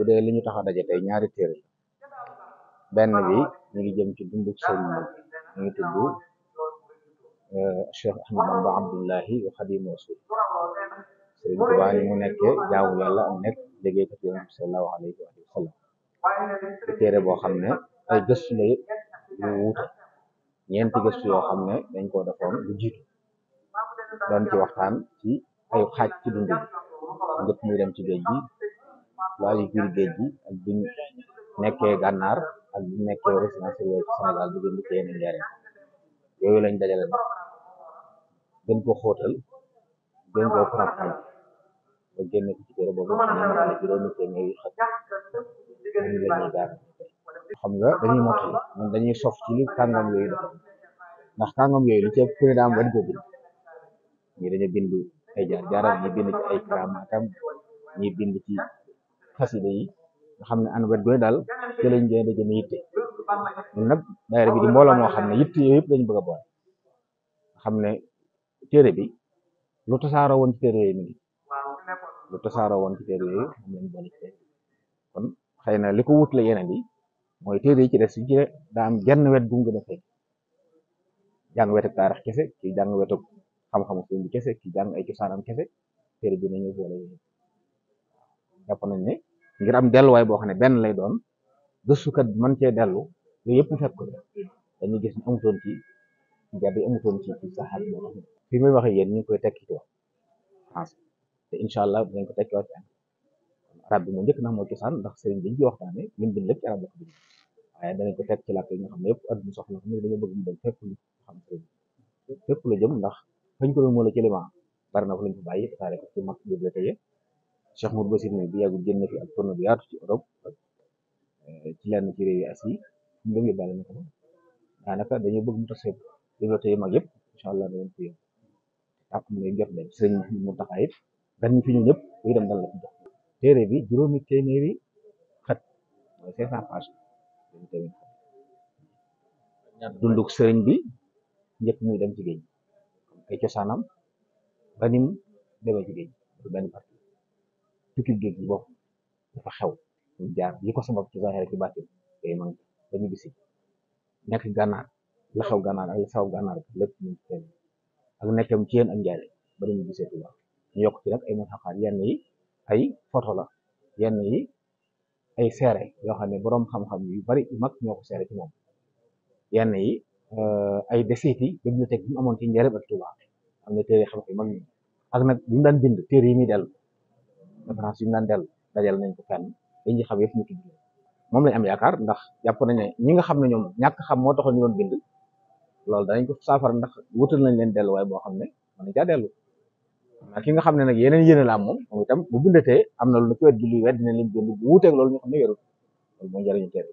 bu dee li tax a daje tey ñaari téere benn bi ñu ngi jëm ci dunduk sëriñ bi ñu ngi tudd euh, Cheikh Ahmad Bamba Abdullahi wa Xadimu Rasul Sëriñ Tuubaa ni mu nekkee jaamu yàlla am nekk liggéeykat Yonent bi sallallahu alayhi wa sallam téere boo xam ne ay gëstu la yu wuute ñeenti gëstu yoo xam ne dañ koo defoon lu jiitu doon ci waxtaan ci ay xaaj ci dund bi njëkk dem ci géej gi laali biir géej gi ak biñ nekkee gànnaar ak biñ nekkee résidence surveillée ci Sénégal di gën di ko yenn yooyu lañ dajale nag ko xóotal gën koo faram-fàccee ba génne ko ci téere xam nga dañuy mottali ñun dañuy sof ci li kàngam yooyu def ndax kàngam yooyu lu ci ëpp ku ne daam wañ ko bind dañu bind ay jaar jaaram ñi bind ñi bind ci xasida yi nga xam ne an wet goy daal ci lañ yitte ñun nag daayira bi di mbooloo moo xam ne yitte yooyu yëpp lañ bëgg a boole xam ne téere bi lu tasaaroo woon ci téere yooyu woon ci téere xëy na li ko wutale yeneen yi mooy téere yi ci des ci daa am genn wet gu mu gën a fekk jàng kese ki jàng wetu xam-xamu sëñ bi kese ki jàng ay cosaanam kese téere bi nañu boole yooyu jàpp nañ ngir am delluwaay boo xam ne benn lay doon gëstukat bi mën cee dellu yooyu yëpp fekk ko gis ne amutoon ci njab yi ci ci saxaar moo tax waxee yéen ñu ngi koy tekki ci wax français te incha allah dinañ ko tekki wax ci moo njëkk ndax ndax sëriñ bi ñu waxtaane ñun bind lépp ci arab la waaye danañ ko tekk ci làkk yi nga yëpp adduna soxla xam ne bëgg xam sëriñ la jëm ndax fañ ko doon moo la ci limaa bari na fa lañ ko bàyyi tasaare ko ci mag bibliothèque Cheikh Modou Bassirou Mbaye bu yàggul génn fi ak tournée bu yaatu ci Europe ak eh, ci lenn ci réewi Asie ñu ngi yóbbaale na ko daanaka dañoo bëgg mu tasee développé yu mag yëpp dañ ko mu lay jot dem sëñ mu taxaay ñu fi ñëw ñëpp buy dem dal la ci jox téere bi juróomi téeméeri xat mooy cinq cent page dunduk sëriñ bi njëkk muy dem ci géej ay cosaanam ba nim demee ci géej tukki géej gi bopp dafa xew ñu jaar li ko sabab ci zahir ci ba ñu bisi nekk gànnaar la xew gànnaar ak la sabab ci yéen ak njaale ba dañu gisee Tuuba ñu yokk ci nag ay mutaxaat yenn yi ay photo la yenn yi ay seere yoo xam ne boroom xam-xam yu bari yu mag ñoo ko seere ci moom yenn euh, ay desiti ci njëriñ ak Tuuba am na bind téere yi muy référence yu ñu daan dellu dajal nañ ko fenn li ñu xam yëpp ñu tudd moom lañ am yaakaar ndax jàpp nañ ne ñi nga xam ne ñoom ñàkk xam moo taxoon ñu doon bind loolu danañ ko saafara ndax wutal nañ leen delluwaay boo xam ne mën na caa dellu ki nga xam ne nag yeneen yéene am moom moom itam bu bindatee am na lu ci wet gi luy wet dina leen bind bu wuuteeg loolu ñu xam ne loolu mooy njëriñu teere